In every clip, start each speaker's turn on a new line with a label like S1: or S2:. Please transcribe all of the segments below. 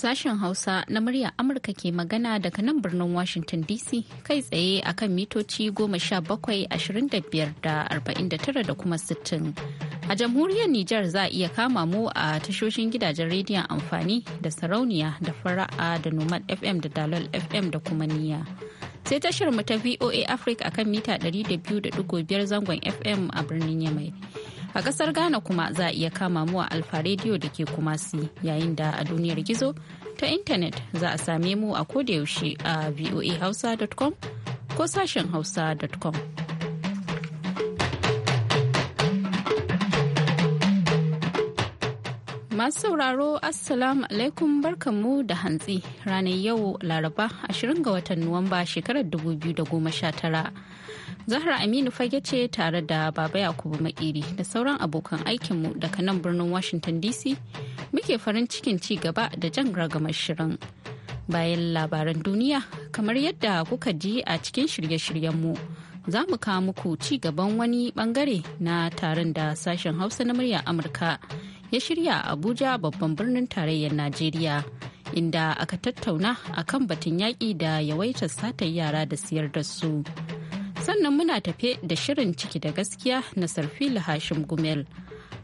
S1: Sashen Hausa na murya Amurka ke magana daga nan birnin Washington DC kai tsaye akan mitoci goma sha bakwai ashirin da biyar da kuma sittin. A jamhuriyar Nijar za a iya kama mu a tashoshin gidajen rediyon amfani da sarauniya da fara'a da Nomad FM da Dalol FM da kuma niya. Sai tashar mu ta VOA Africa akan mita 200.5 zangon FM a birnin Yamai. A ƙasar Ghana kuma za a iya kama mu a Alfa Radio da ke Kumasi yayin da a duniyar gizo ta intanet za a same mu a kodayaushe a voahausa.com ko sashen hausa.com. Masu sauraro Assalamu alaikum barkanmu da hantsi ranar yau Laraba 20 ga watan Nuwamba shekarar 2019. Zahra Aminu fage ce tare da Baba Yakubu Makiri da sauran abokan aikinmu daga nan birnin Washington DC muke farin cikin ci gaba da jan ragamar shirin. Bayan labaran duniya kamar yadda kuka ji a cikin shirye-shiryenmu. mu. za mu kawo muku ci gaban wani bangare na taron da sashen hausa na murya amurka ya shirya a Abuja babban birnin tarayyar Najeriya. Inda aka tattauna a kan batun yaƙi da yawaitar satar yara da siyar da su. Sannan muna tafe da shirin ciki da gaskiya na sarfila Hashim Gumel.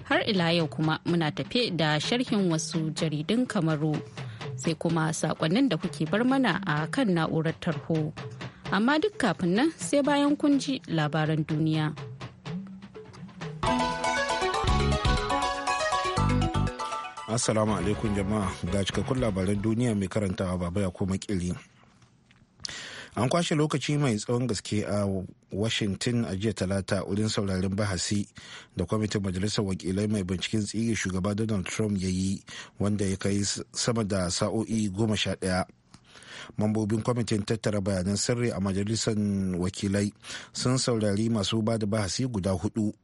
S1: Har ila yau kuma muna tafe da sharhin wasu jaridun Kamaru. Sai kuma saƙonnin da kuke bar mana a kan na'urar tarho. amma duk kafin nan sai bayan kun ji labaran duniya.
S2: Assalamu alaikum jama'a ga cikakkun labaran duniya mai karantawa baba ya koma kili. An kwashe lokaci mai tsawon gaske a Washington a jiya talata wurin sauraren bahasi da kwamitin majalisar wakilai mai binciken tsiri shugaba Donald Trump ya yi wanda ya kai sama da sa'o'i goma sha ɗaya. mambobin kwamitin tattara bayanan sirri a majalisar wakilai sun saurari masu ba da bahasi guda hudu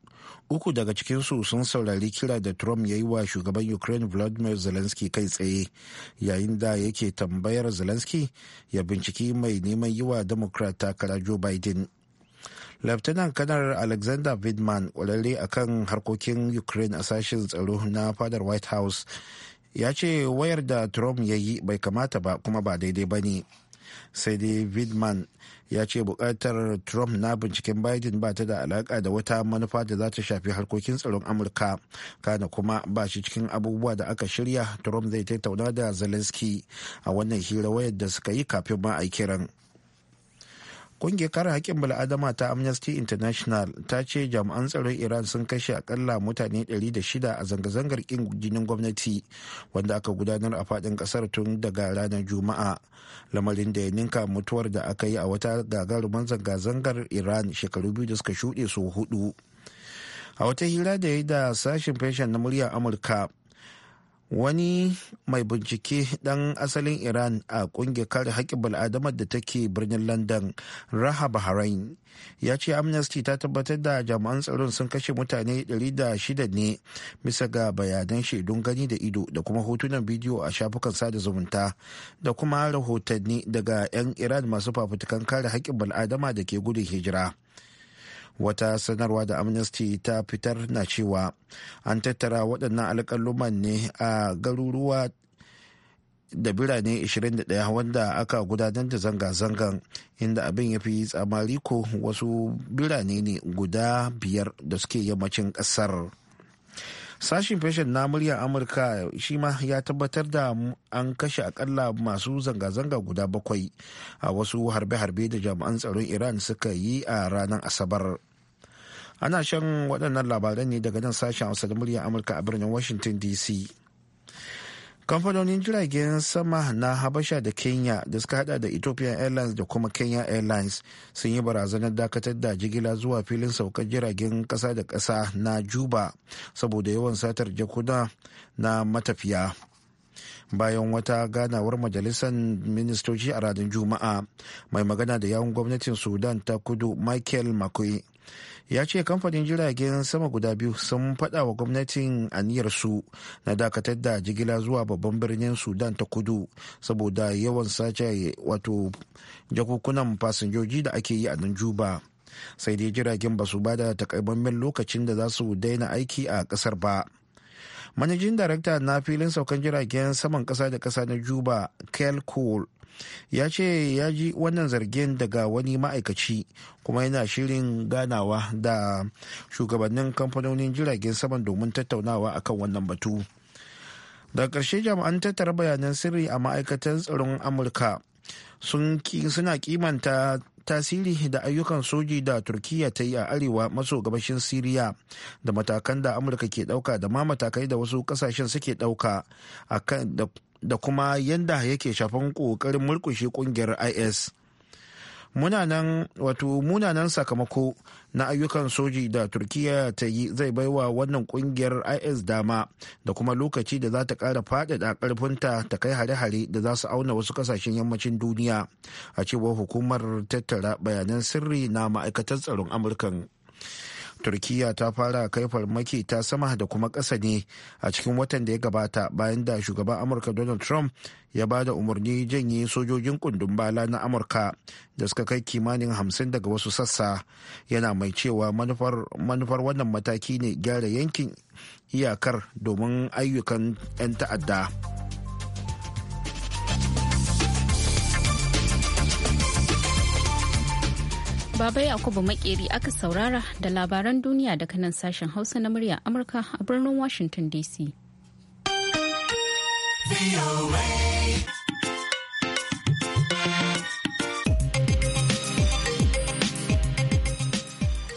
S2: uku daga cikinsu sun saurari kira da trump ya yi wa shugaban ukraine vladimir zelensky kai tsaye yayin da yake tambayar zelensky ya binciki mai neman yi wa democrat takara joe biden Laftanan kanar Alexander Vidman kwararre a kan harkokin Ukraine a sashen tsaro na fadar White House ya ce wayar da Trump ya yi bai kamata ba kuma ba daidai ba ne. Sai dai Vidman ya ce bukatar trump na binciken biden ba ta da alaka da wata manufa da za ta shafi harkokin tsaron amurka kana kuma ba shi cikin abubuwa da aka shirya trump zai tattauna da zelensky a wannan hira wayar da suka yi kafin ma a kiran kungiyar kare haƙƙin bil'adama ta amnesty international ta ce jami'an tsaron iran sun kashe akalla mutane 600 a zanga-zangar ƙin jinin gwamnati wanda aka gudanar a faɗin ƙasar tun daga ranar juma'a lamarin da ya ninka mutuwar da aka yi a wata gagarumin zanga-zangar iran shekaru biyu da suka shuɗe su hudu a wata hira da ya yi da sashen fashion na muryar amurka wani mai bincike ɗan asalin iran a kungiyar kare haƙƙin bil'adama da take birnin london raha bahrain ya ce amnesty ta tabbatar da jami'an tsaron sun kashe mutane 600 ne bisa ga bayanan shaidun gani da ido da kuma hotunan bidiyo a shafukan sada zumunta da kuma rahotanni daga 'yan iran masu fafutukan kare haƙƙin bil'adama da ke gudun hijira wata sanarwa da amnesty ta fitar na cewa an tattara waɗannan alƙaluman ne a garuruwa da birane 21 wanda aka gudanar da zanga-zangan inda abin ya fi tsamari ko wasu birane ne guda biyar da suke yammacin ƙasar. sashin fashin na murya amurka shi ma ya tabbatar da an kashe akalla masu zanga-zanga guda bakwai a wasu harbe-harbe da jami'an tsaron iran suka yi a ranar asabar ana shan waɗannan labaran ne daga nan sashen hausa da murya amurka a birnin washington dc kamfanonin jiragen sama na habasha da kenya da suka hada da ethiopian airlines da kuma kenya airlines sun yi barazanar dakatar da jigila zuwa filin saukar jiragen kasa da kasa na juba saboda yawan satar jakuna na matafiya bayan wata ganawar majalisar ministoci a ranar juma'a mai magana da yawun gwamnatin sudan ta kudu michael makui ya ce kamfanin jiragen sama guda biyu sun faɗa wa gwamnatin aniyarsu na dakatar da jigila zuwa babban birnin sudan ta kudu saboda yawan sace wato jakukunan fasinjoji da ake yi a nan juba sai dai jiragen ba su ba da takamaiman lokacin da za su daina aiki a ƙasar ba manajin darakta na filin saukan jiragen saman kasa da kasa na juba kel cole ya ce ya ji wannan zargin daga wani ma'aikaci kuma yana shirin ganawa da shugabannin kamfanonin jiragen saman domin tattaunawa akan wannan batu daga ƙarshe jami'an tattara bayanan sirri a ma'aikatan tsaron amurka suna kimanta tasiri da ayyukan soji da turkiya ta yi a arewa maso gabashin siriya da matakan da amurka ke dauka da ma matakai da wasu kasashen suke dauka da kuma yadda yake shafan ƙoƙarin murkushe ƙungiyar is munanan wato munanan sakamako na ayyukan soji da turkiya ta yi zai baiwa wannan kungiyar is dama da kuma lokaci da za ta kara faɗaɗa ƙarfinta ta kai hare-hare da za su auna wasu kasashen yammacin duniya a cewar hukumar tattara bayanan sirri na ma'aikatar tsaron amurkan turkiya ta fara kai farmaki ta sama da kuma ƙasa ne a cikin watan da ya gabata bayan da shugaban amurka donald trump ya ba da umarni janye sojojin kundin bala na amurka da suka kai kimanin hamsin daga wasu sassa yana mai cewa manufar wannan mataki ne gyara yankin iyakar domin ayyukan 'yan ta'adda.
S1: Baba Yakubu Makeri aka saurara da labaran duniya daga nan sashen Hausa na murya Amurka a birnin Washington DC.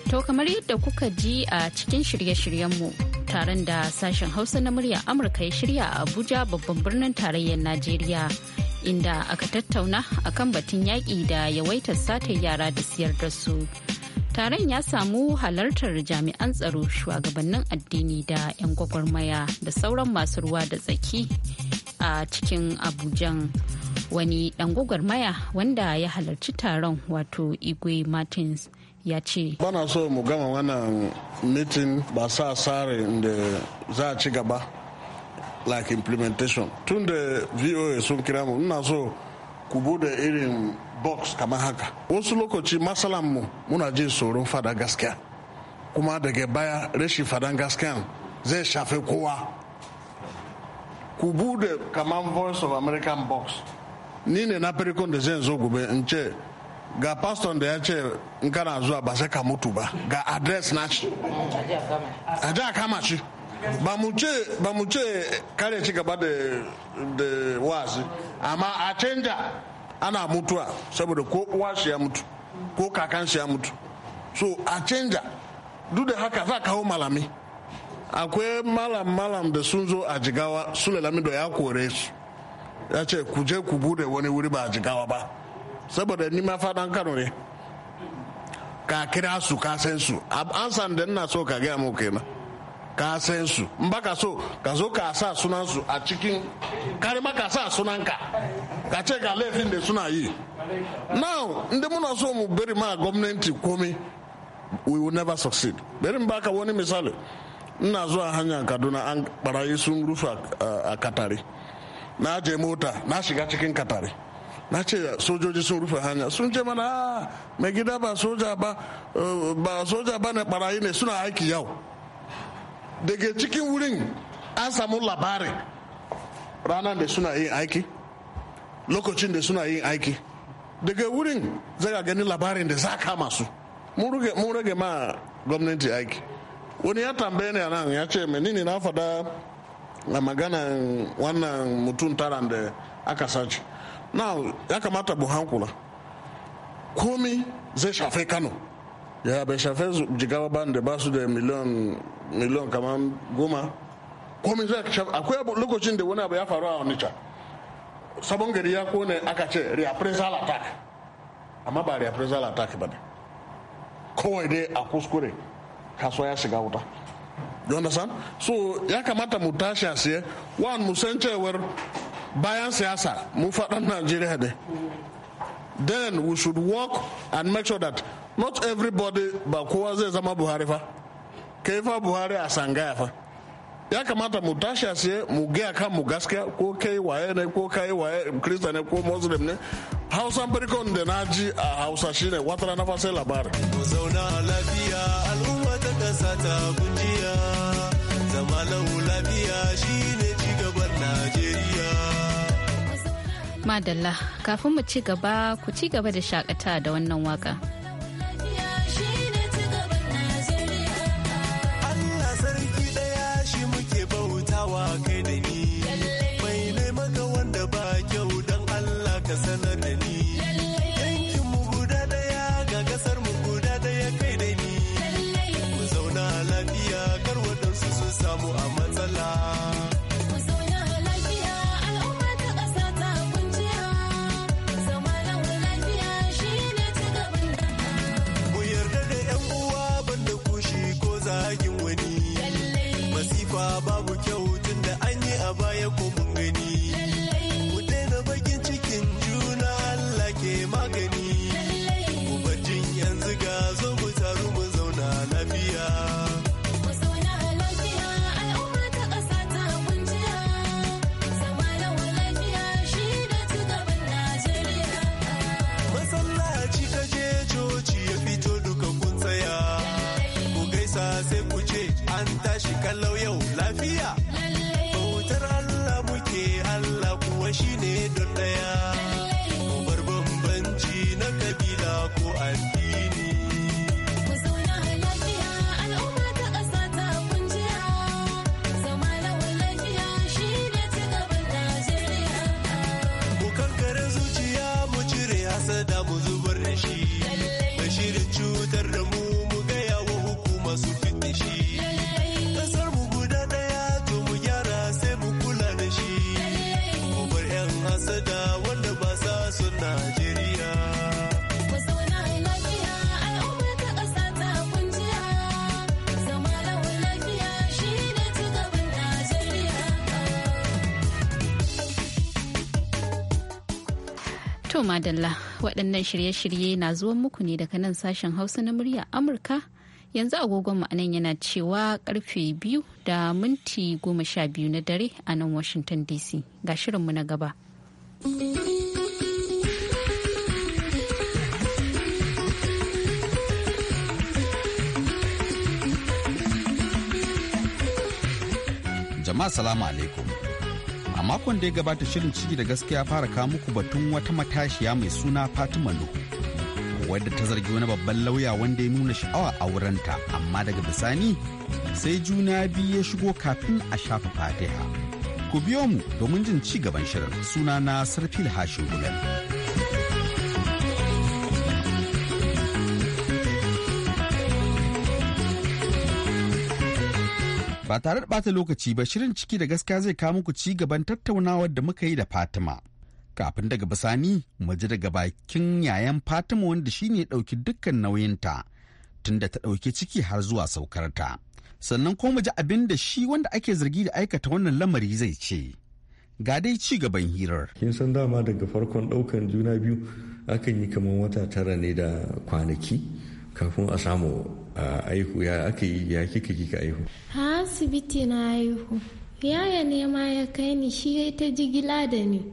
S1: To kamar yadda kuka ji a cikin shirye-shiryenmu taron da sashen Hausa na murya Amurka ya shirya a Abuja babban birnin tarayyar Najeriya. inda aka tattauna a kan batun yaƙi da yawaitar satar yara da siyar da su. Taron ya samu halartar jami'an tsaro shugabannin addini da 'yan gwagwarmaya da sauran masu ruwa da tsaki a cikin Abujan. Wani ɗan gwagwarmaya wanda ya halarci taron wato Igwe Martins. ya ce bana
S3: so mu gama wannan mitin ba sa sare da za a ci gaba like implementation tun da voa sun kira mu ina so ku bude irin box kamar haka wasu lokaci masalan mu muna jin tsoron fada gaskiya kuma daga baya rashin fadan gaskiya zai shafi kowa ku bude kamar voice of american box ni ne na farkon da zai zo gobe in ce ga pastor da ya ce in kana zuwa ba sai ka mutu ba ga adres na shi ba mu ce kare ci gaba da wazi amma a canja ana mutuwa saboda ko uwa shi ya mutu ko kakan shi ya mutu so a canja duk da haka za kawo malami akwai malam malam da sun zo a jigawa su lamido ya kore su ya ce ku je ku bude wani wuri ba a jigawa ba saboda ni ma fadan kano ne ka kira su ka san su an san da ina so ka gaya mu kenan ka san su mba ka so ka so ka sa sunan su a cikin kare ma ka sa nka ka ka ce na laifin da suna yi now inda muna so mụ beri ma gọọmenti kwomi we will never succeed beri mba ka wani misali ina zuwa hanyar kaduna an barayi sun rufe a katari na je mota na shiga cikin katari na che sojoji sun rufe hanya sun ce mana aa ah, gida ba soja ba eh, ba soja ba ne na ne suna aiki o. daga cikin wurin an samu labarin ranar da suna yin aiki lokacin da suna yin aiki daga wurin zaga gani labarin da za kama su mun rage ma gwamnati aiki wani ya tambaye ni nan ya ce menene na fada a maganan wannan mutum tara da aka sace na ya kamata bu komi zai shafe kano ya bai shafe jigawa ba da ba su da miliyan miliyan kamar goma komai zai shafe akwai lokacin da wani abu ya faru a onitsha sabon gari ya kone aka ce reappraisal attack amma ba reappraisal attack ba ne kawai dai a kuskure kasuwa ya shiga wuta you understand so ya kamata mu tashi a siye wan mu san cewar bayan siyasa mu faɗan najeriya ne then we should work and make sure that not everybody ba kowa zai zama buhari fa kai fa buhari a sangaya fa ya kamata mu tashi a mu gaya kan mu gaskiya ko kai waye ne ko kai waye krista ne ko muslim ne hausan birkon da na ji a hausa shine wata rana fa sai labarin zauna lafiya al'umma
S4: najeriya
S1: madalla kafin mu ci gaba ku ci gaba da shakata da wannan waka
S4: ce an tashi kallau yau lafiya bautar Allah muke Allah kuwa shine don daya bar bambanci na kabila ko addini
S1: madalla waɗannan shirye-shirye na zuwan muku ne daga nan sashen hausa na murya amurka yanzu agogon ma'anan yana cewa karfe biyu da minti goma sha biyu na dare a nan washington dc ga shirinmu na gaba
S5: jama'a salamu alaikum makon da ya gabata shirin ciki da gaskiya fara kawo muku batun wata matashiya mai suna fatima nuhu wadda ta zargi wani babban lauya wanda ya nuna sha'awa a wurinta amma daga bisani sai juna biyu ya shigo kafin a shafa fatiha ku biyo mu domin jin ci gaban shirin suna na sarfil hashin gulen Ba tare da bata lokaci ba shirin ciki da gaskiya zai kawo muku ci gaban tattaunawar da muka yi da Fatima. Kafin daga bisani mu ji daga bakin yayan Fatima wanda shine dauki dukkan nauyinta tunda ta dauke ciki har zuwa saukarta. Sannan ko mu ji abin da shi wanda ake zargi da aikata wannan lamari zai ce. Ga dai ci gaban hirar. Kin
S6: san dama daga farkon daukan juna biyu akan yi kamar wata tara ne da kwanaki. kafin a samu a aihu ya aka yi ya kika kika aihu
S7: a asibiti na aihu yaya ne ma ya kai ni shi ya ta jigila da ni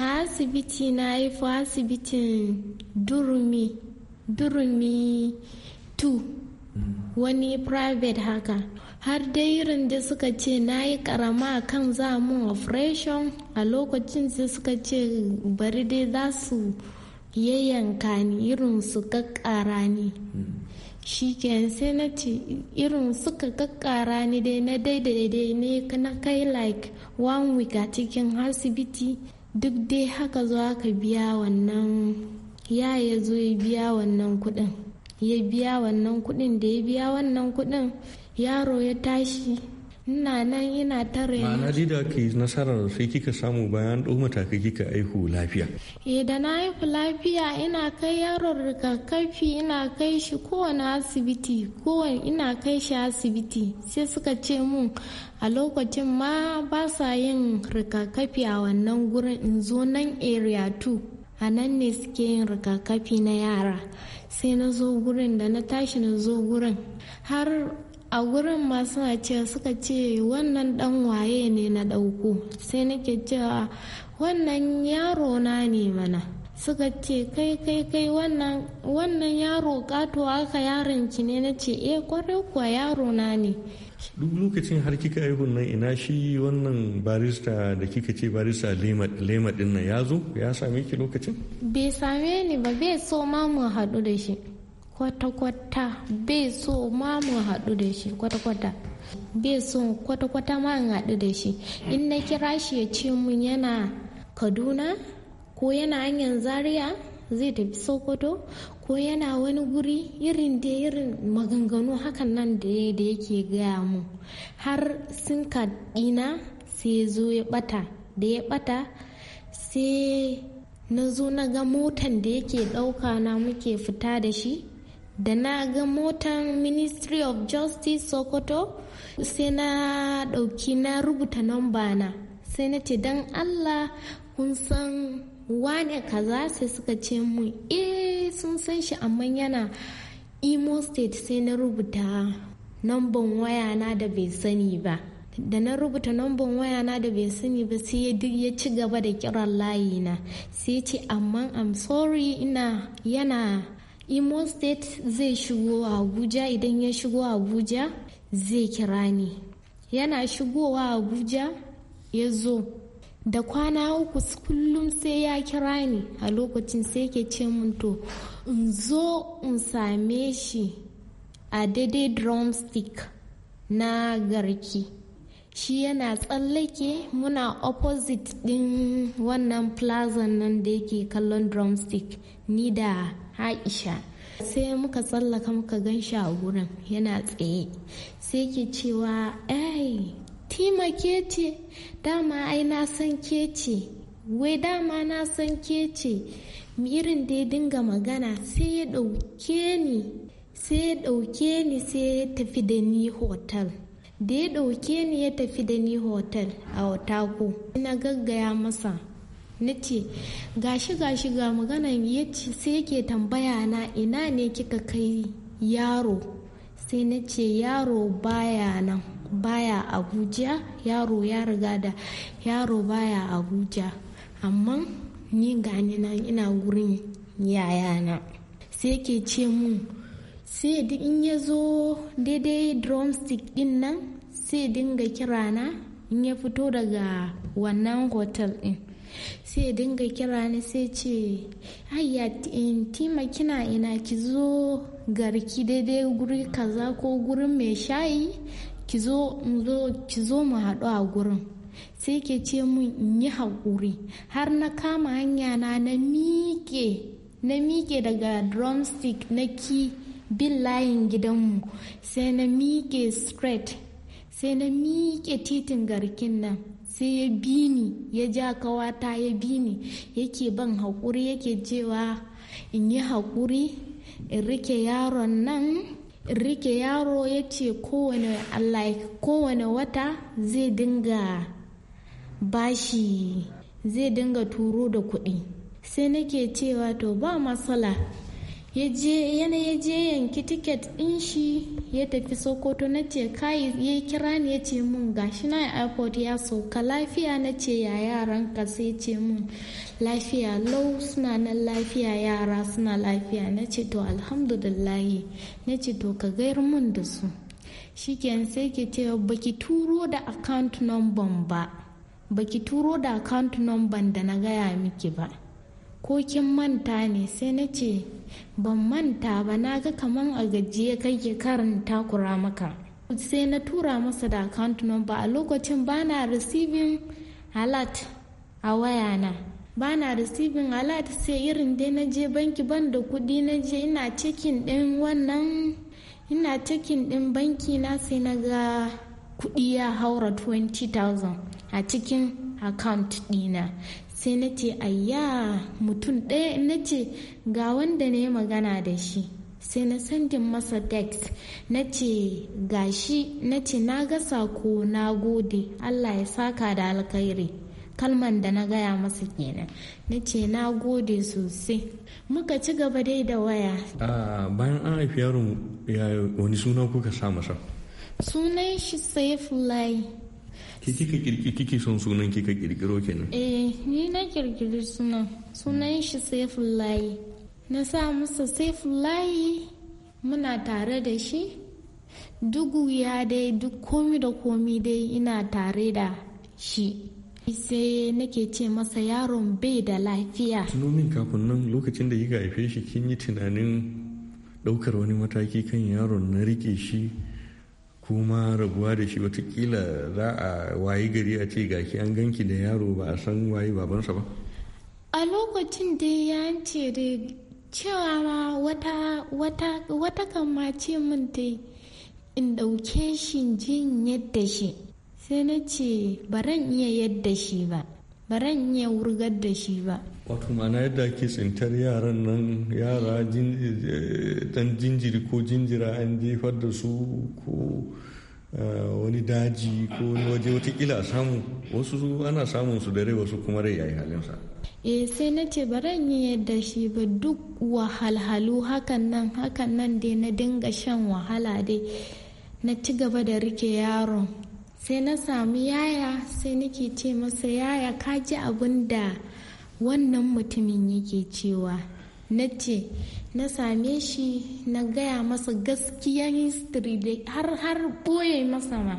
S7: a asibiti na aihu asibitin durumi durumi 2 wani private haka har dai irin da suka ce na yi karama kan za mu operation a lokacin sai suka ce bari dai za su yayyanka ni irin su kakkara ne shi sai na ce irin suka kakkara ne dai na daidai ne na kai like one week a cikin asibiti duk dai haka zo ka biya wannan ya ya zo ya biya wannan kudin ya biya wannan kudin da ya biya wannan kudin yaro ya tashi ina nan ina ta rena ma'ana
S6: da yi nasarar sai kika samu bayan ɗau matakai kika aihu lafiya
S7: eh da na haifa lafiya ina kai yaron rikakafi ina kai shi kowane asibiti kowane ina kai shi asibiti sai suka ce mun a lokacin ma ba sa yin rikakafi a wannan gurin in zo nan area 2 a nan ne suke yin rikakafi na yara sai na zo gurin da na tashi na zo gurin har a gurin ma suna ce suka ce wannan dan waye ne na ɗauko sai nake cewa wannan yaro na ne mana suka ce kai kai kai wannan yaro kato aka yaron ki ne na ce eh kwarai kuwa yaro na ne
S6: duk lokacin har kika yi nan ina shi wannan barista da kika ce barista lema din nan ya zo ya same ki lokacin
S7: bai same ni ba bai so ma mu haɗu da shi kwata-kwata bai so ma mu haɗu da shi kwata-kwata bai so kwata-kwata ma mu haɗu da shi in na kira shi ya ce mun yana kaduna ko yana hanyar zaria zai tafi sokoto ko yana wani guri irin da irin maganganu hakan nan da yake gaya mu har sun ɗina sai zo ya bata da ya bata sai na zo na ga motan da yake ɗauka na muke fita da shi da na ga motan ministry of justice sokoto sai na ɗauki na rubuta namba na sai na ce don allah kun san wane kaza sai suka ce mun e sun san shi amma yana imo state sai na rubuta namban waya na da bai sani ba da na rubuta namban waya na da bai sani ba sai ya duk ya ci gaba da kiran layi na sai ce amma i'm sorry ina yana imo state zai shigo abuja idan ya shigo abuja zai kira ni yana shigowa abuja ya zo da kwana uku kullum sai ya kira ni a lokacin sai ke ce mun to in zo in same shi a daidai drumstick na garki shi yana tsallake muna opposite din wannan plaza nan da yake kallon drumstick ni da Aisha sai muka tsallaka muka gan a wurin yana tsaye sai ke cewa ai tima ke ce dama ai na san ke ce wai dama na san ke ce irin ya dinga magana sai ya ɗauke ni sai ya ɗauke ni sai ya tafi da ni hotel da ya ɗauke ni ya tafi da ni hotel a otako na gaggaya masa na ce gashi gashi ga maganan yace sai yake tambaya na ina ne kika kai yaro sai na ce yaro baya nan baya abuja yaro ya riga da yaro baya abuja amma ni gani nan ina gurin yayana sai yake ce mun sai duk in ya zo daidai drumstick din nan sai dinga kirana in ya fito daga wannan hotel din sai ya dinga kira ni sai ce ayya tima kina ina ki zo garki daidai guri kaza ko gurin mai shayi ki zo mu haɗu a gurin sai ke ce mun in yi haƙuri har na kama hanya na na miƙe na miƙe daga drumstick na ki bin layin gidanmu sai na miƙe straight sai na miƙe titin garkin nan sai ya bi ni ya ja kawata ya bi ni yake ban haƙuri yake cewa in yi haƙuri in rike yaron nan in rike yaro ya ce kowane wata zai dinga bashi zai dinga turo da kuɗi sai nake cewa to ba matsala yana ya je yanki tiket din shi ya tafi sokoto na ce kai ya kira ni ya ce mun gashi na airport ya sauka lafiya na ce ya yaran ka sai ce mun lafiya lau suna nan lafiya yara suna lafiya na ce to alhamdulillahi na ce to ka gayar mun da su shikenan sai ke ce baki turo da account number ba baki turo da account number da na gaya miki ba ko kin manta ne sai na ce ban manta ba na ga kaman a gajiye kake karin takura maka sai na tura masa da account number a lokacin bana receiving alert a wayana bana receiving alert sai irin dai na je banki ban da kudi na je ina cikin din wannan ina cikin din banki na sai na ga kudi ya haura 20,000 a cikin account dina sai na ce ayya mutum ɗaya na ce ga wanda na yi magana da shi sai na sandin masa dex na ce gashi na ce na ga sako na gode allah ya saka da alkhairi kalman da na gaya masa kenan na ce na gode sosai muka ci gaba dai da waya
S6: bayan an haifi yaron wani suna kuka sa masa
S7: sunan shi saifulai
S6: ki kika kike son sunan kika kirkiro kenan
S7: eh ni na kirkiri sunan sunan shi saifullahi na sa masa saifullahi muna tare da shi duk wuya dai duk komi da komi dai ina tare da shi sai nake ce masa yaron bai da lafiya
S6: tunomin kafin nan lokacin da kika haife shi kin yi tunanin ɗaukar wani mataki kan yaron na rike shi kuma rabuwa da shi watakila za a wayi gari a ce gaki an ganki da yaro ba a san waye babansa ba
S7: a lokacin da ya ce da cewa ma wata wata wata kan ma ce min in ɗauke shi jin yadda shi sai na ce baran iya yadda shi ba baran iya wurgar da shi ba
S6: wato mana yadda ake tsintar yaran nan yara dan jinjiri ko jinjira an jefar da su ko eh, wani daji ko wani waje watakila a samu wasu ana samun su da rai wasu kuma rai yayi halinsa
S7: eh sai na ce baran yi yadda shi ba duk wahalhalu hakan nan hakan nan dai na dinga shan wahala dai na ci gaba da rike yaron sai na sami yaya sai nake ce masa yaya ka ji abin da wannan mutumin yake cewa na ce na same shi na gaya masa gaskiyan history har har boye masa ma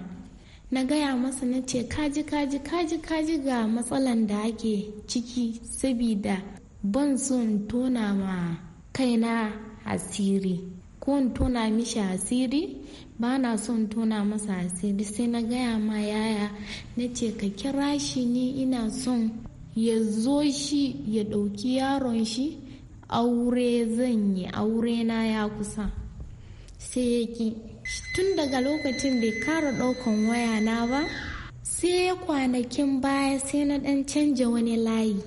S7: na gaya masa na ce kaji kaji kaji kaji ga matsalan da ake ciki sabida ban son tona ma kaina asiri ko in tona mishi asiri ba na son tona masa asiri sai na gaya ma yaya na ce ka kira shi ni ina son ya zo shi ya ɗauki yaron shi aure zan yi aure na ya kusa sai ya ki tun daga lokacin bai kara ɗaukan waya na ba sai kwanakin baya sai na ɗan canja wani layi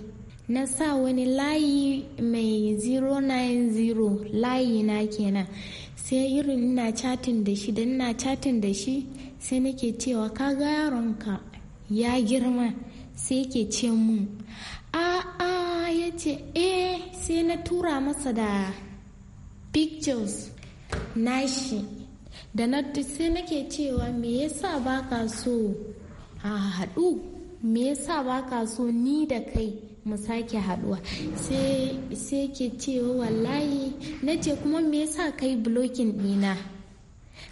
S7: na sa wani layi mai 090 layi na kenan sai irin ina chatin da shi da ina chatin da shi sai nake cewa ka kaga yaronka ya girma sai yake ce mun a'a ya ce eh sai na tura masa da pictures na shi da na sai nake cewa me yasa ka so a haɗu me yasa ka so ni da kai mu sake haɗuwa sai ke cewa wallahi na ce kuma me yasa kai blokin ɗina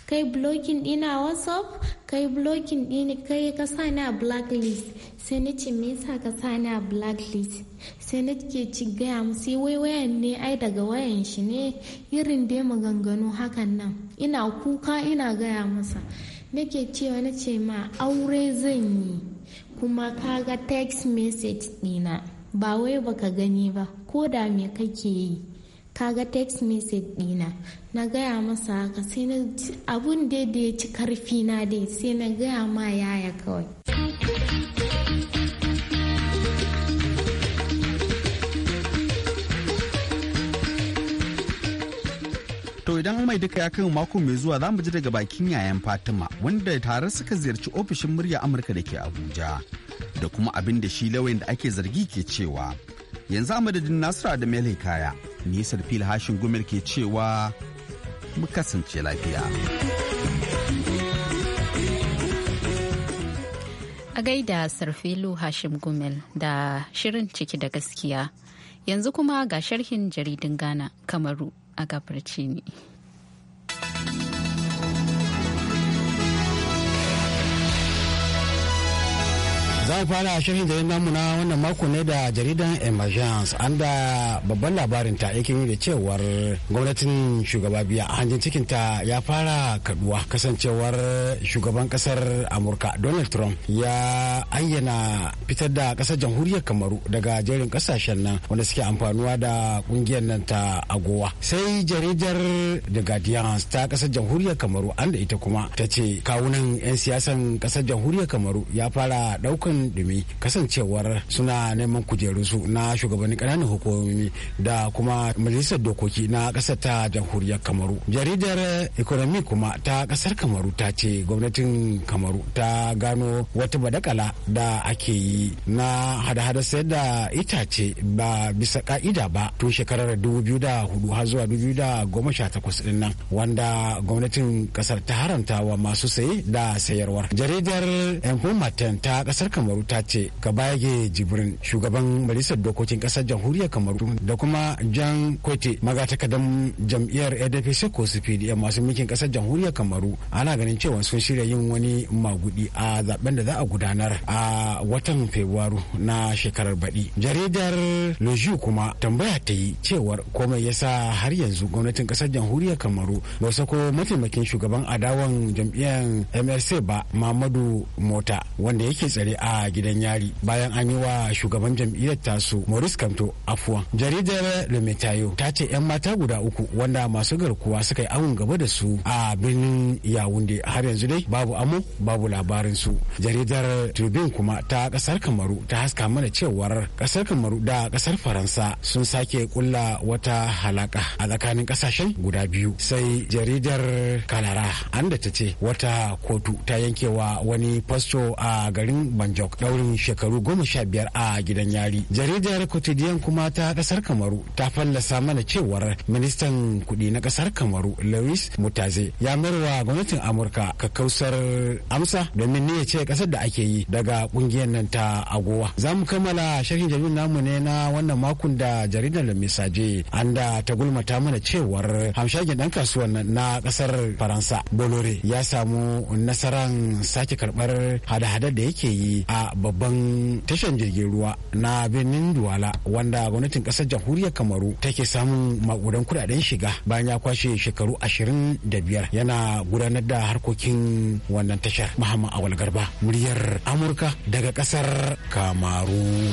S7: kai blocking dina whatsapp kai blogging dina kai ka sa ni a blacklist sai na ce me yasa ka sa ni a blacklist sai na ke ci gaya mu sai wai wayan ne ai daga wayan shi ne irin dai maganganu hakan nan ina kuka ina gaya masa nake cewa na ce ma aure zan yi kuma ka ga text message dina ba wai baka gani ba ko da me kake yi kaga text message dina na gaya masa haka sai na abun da ya ci karfi na dai sai na gaya ma yaya kawai
S5: To idan mai duka ya kai mako mai zuwa za mu ji daga bakin yayan Fatima wanda tare suka ziyarci ofishin murya Amurka da ke Abuja da kuma abin da shi lauyan da ake zargi ke cewa yanzu a madadin Nasiru Adamu kaya nisar fil hashin gumir ke cewa mu kasance lafiya
S1: a gaida sarfilu hashim gumel da shirin ciki da gaskiya yanzu kuma ga sharhin jaridin ghana kamaru a gabarci ne.
S8: za a fara shirin da namu na wannan mako ne da jaridan emergence an da babban labarin ta yake da cewar gwamnatin shugaba biya hanjin cikin ta ya fara kaduwa kasancewar shugaban kasar amurka donald trump ya ayyana fitar da kasar jamhuriyar kamaru daga jerin kasashen nan wanda suke amfanuwa da kungiyar nan ta agowa sai jaridar the guardian ta kasar jamhuriyar kamaru an da ita kuma ta ce kawunan 'yan siyasan kasar jamhuriyar kamaru ya fara daukan jin dumi kasancewar suna neman kujerunsu na shugabannin ƙananan hukumomi da kuma majalisar dokoki na ƙasar ta jamhuriyar kamaru jaridar economy kuma ta ƙasar kamaru ta ce gwamnatin kamaru ta gano wata badakala da ake yi na hada-hada sayar da itace ba bisa ka'ida ba tun shekarar 2004 har zuwa 2018 din nan wanda gwamnatin ƙasar ta haranta wa masu saye da sayarwar jaridar information ta ƙasar kamaru kamaru ta ce bage jibrin shugaban majalisar dokokin kasar jamhuriyar kamaru da kuma jan kwete magatakadan jam'iyyar adpc ko cpdm masu mulkin kasar jamhuriyar kamaru ana ganin cewa sun shirya yin wani magudi a zaben da za a gudanar a watan fabrairu na shekarar baɗi jaridar lejiu kuma tambaya ta yi cewar komai yasa har yanzu gwamnatin kasar jamhuriyar kamaru ba sako mataimakin shugaban adawan jam'iyyar mrc ba mamadu mota wanda yake tsare a gidan yari bayan an yi wa shugaban jam'iyyar tasu Maurice Kamto afuwa. Jaridar Metayo ta ce 'yan mata guda uku wanda masu garkuwa suka yi awon gaba da su a birnin Yawunde har yanzu dai babu amo babu labarin su. Jaridar Tribune kuma ta kasar Kamaru ta haska mana cewar kasar Kamaru da kasar Faransa sun sake kulla wata halaka a tsakanin kasashen guda biyu sai jaridar Kalara an da ta ce wata kotu ta yankewa wani fasto a garin Banjo jok daurin shekaru goma sha biyar a gidan yari. Jaridar cotidian kuma ta kasar Kamaru ta fallasa mana cewar ministan kuɗi na kasar Kamaru Louis Mutaze ya wa gwamnatin Amurka kakkausar amsa domin ne ce kasar da ake yi daga kungiyar nan ta agowa. Za mu kammala sharhin jaridar namu ne na wannan makon da jaridar da misaje an da ta gulmata mana cewar hamshagen dan kasuwan na kasar Faransa Bolore ya samu nasaran sake karɓar hada-hadar da yake yi a babban tashan jirgin ruwa na birnin Duwala wanda gwamnatin kasar jamhuriyar Kamaru take samun makudan kudaden shiga bayan ya kwashe shekaru ashirin da biyar yana gudanar da harkokin wannan tashar Muhammad Awal Garba muryar Amurka daga kasar Kamaru.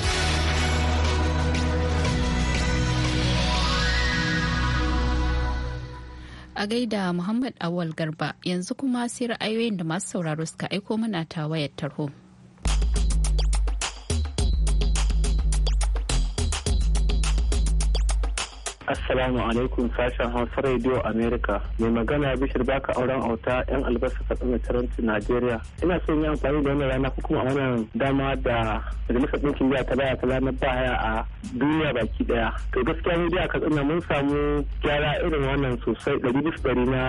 S1: A gaida Muhammad Awal Garba yanzu kuma sai ra'ayoyin da masu sauraro suka aiko mana ta wayar tarho.
S9: Assalamu alaikum sashen Hausa Radio America. Mai magana Bishir baka auren auta yan albasa tsakanin taranti Najeriya. Ina son yi amfani da wannan rana kuma a wannan dama da majalisar ɗinkin Biya ta baya ta ranar baya a duniya baki daya To gaskiya ne biya a Katsina mun samu gyara irin wannan sosai ɗari bisa ɗari na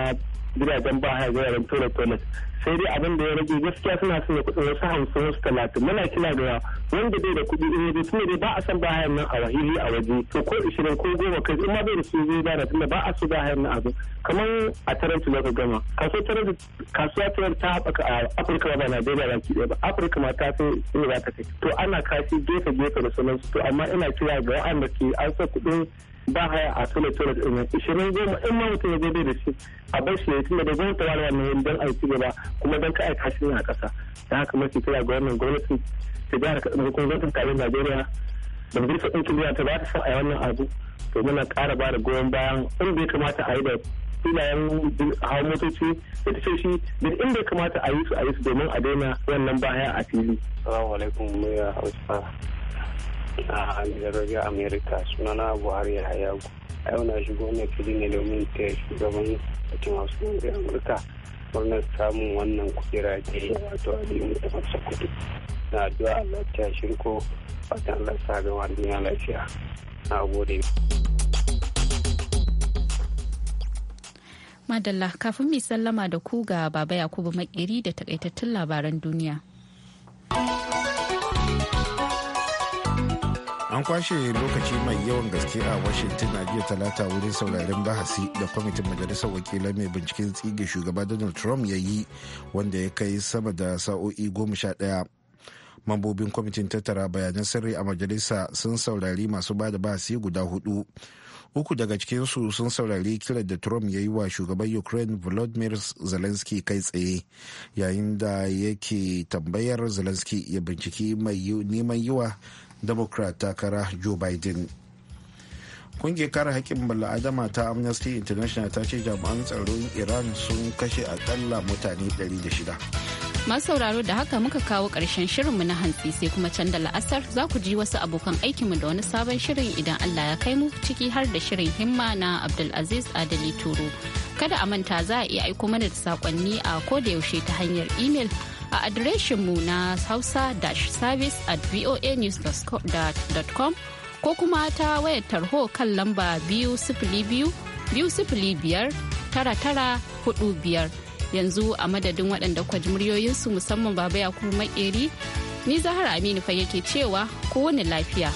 S9: gidajen baya ga yaran tole-tole sai dai abin da ya rage gaskiya suna son ya kuɗi wasu hamsin wasu talatin muna kila da wanda bai da kuɗi in yi tun dai ba a san bayan nan a wahili a waje to ko ishirin ko goma kai in ma bai da su zai bada tunda ba a su ba hayan abu kamar a tarantu da ka gama kasuwar tarantu kasuwa tarantu ta haɓaka a afirka ba na daidai ranki ɗaya ba afirka ma ta fi inda za ta kai to ana kashi gefe gefe da su to amma ina kira ga wa'anda ke an sa kuɗin ba haya a tona tona din nan ishirin goma in ma mutum ya daidai da shi a bar shi ne tunda da gwamnati wani wannan don aiki gaba kuma don ka aika shi ne a ƙasa da haka mafi kira ga wannan gwamnati ta jihar kaɗan ko gwamnatin tarayyar najeriya da majalisar ɗinkin duniya ta ba ta son a yi wannan abu to muna kara ba da goyon bayan inda ya kamata a yi da filayen hawan motoci da ta shi da inda ya kamata a yi su a yi su domin a daina wannan baya a fili.
S8: Salamu alaikum ya Hausa a amerika Radio America sunana Buhari Yahayagu. A yau na shigo na fili ne domin ta shugaban cikin Hausa da Amurka. Murnar samun wannan kujera da ya wato a biyu da masu kudu. Na addu'a Allah ta shirko fatan Allah ga wani lafiya. na
S1: madalla kafin mai sallama da ku ga baba yakubu makeri da takaitattun labaran duniya
S2: an kwashe lokaci mai yawan gaske a washington a jiya talata wurin sauraren bahasi da kwamitin majalisar wakilai mai binciken tsige shugaba donald trump ya yi wanda ya kai sama da sa'o'i goma sha daya mambobin kwamitin tattara bayanan sirri a majalisa sun saurari masu ba da basi guda hudu uku daga cikinsu sun saurari kira da trump ya yi wa shugaban ukraine volodymyr zelensky kai tsaye yayin da yake tambayar zelensky ya binciki mai neman yiwa democrat takara joe biden kungiyar kare haƙƙin bala'adama ta amnesty international ta ce jami'an tsaron iran sun kashe akalla mutane 600
S1: Masu sauraro da haka muka kawo ƙarshen shirinmu na hantsi sai kuma can da la'asar za ku ji wasu abokan aikinmu da wani sabon shirin idan Allah ya kai mu ciki har da shirin himma na Abdulaziz Adali Turo. Kada a manta za a iya aiko mana da saƙonni a yaushe ta hanyar imel a adireshinmu na hausa-service at voanews.com ko kuma ta wayar tarho kan lamba biyu sifili biyu biyu sifili biyar tara tara hudu biyar. yanzu a madadin waɗanda kwaji muryoyinsu musamman baba ya kuma ni zahara aminu fa yake cewa kowane lafiya